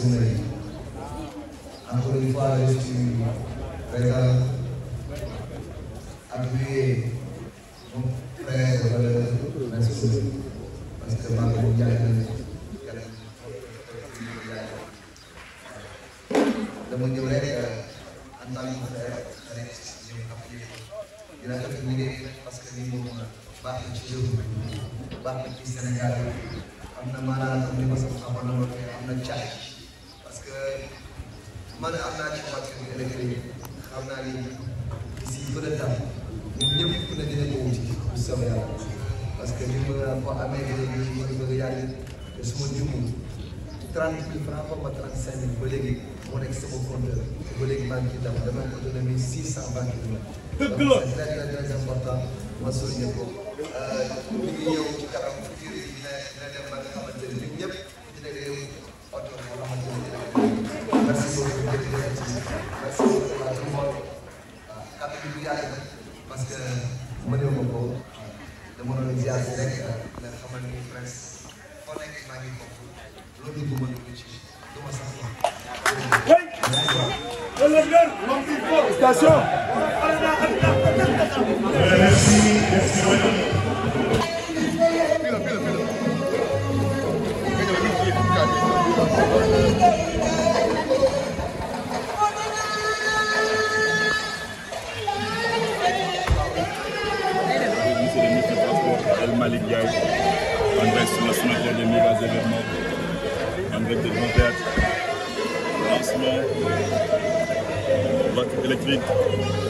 c'est une réalité. Encore une fois, je suis régal appuyer mon frère Valère Merci. Parce que ma mère Ndiaye dama ñëw rek en tant que frère da ngay gis ñu appuyer dina def liggéey parce que lii moom baax na ci réew mi baax na ci Sénégal am na maanaam am na mos a xamal am na caay man am naa ci wàllu mbéy xam naa ni si gën a dàmm ñun ñëpp ku ne dina parce que ñun mën naa amee léegi a yàgg te su ma jumul trente mille francs xaw ma trente cinq mille ba léegi moo nekk sama compteur ba léegi maa ngi ci dama dama ko doon mille six cent banque bi la. dëgg la parce que mëneewu ma ko dama doon ziar si rek leen xamal ni presque foo nekk maa ngi ko loolu du ma dugg ci du ma sax wax. Station. Merci, merci beaucoup. Pila, pila, pila.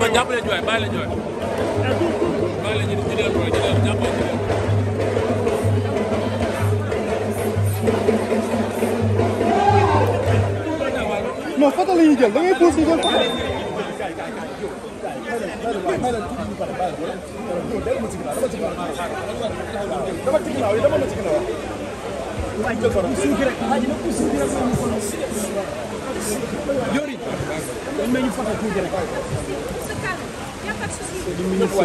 man jàpp leen ñu waay bàyyi leen ñu waay bàyyi leen ñu di dellu waay di dellu jàpp leen ñu waay non photo la ñuy jël da ngay puus ñu jël photo Yori, dañ ma ñu photo tuuti rek C'est du ministre.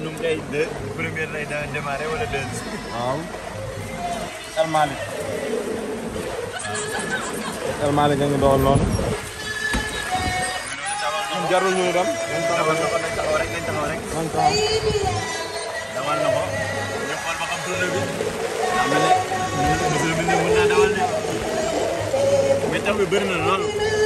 xam nu mu lay de première lay démarrer wala deuxième. waaw. El Malick. El Malick a ngi doon noonu. ñun jarul ñu dem. nañ taxaw nañ taxaw rek nañ taxaw rek. nañ taxaw. dawal na ko. ñu xool ba xam tournée bi. am na ne. monsieur le ministre mën naa dawal de. mais taw bi bëri na lool.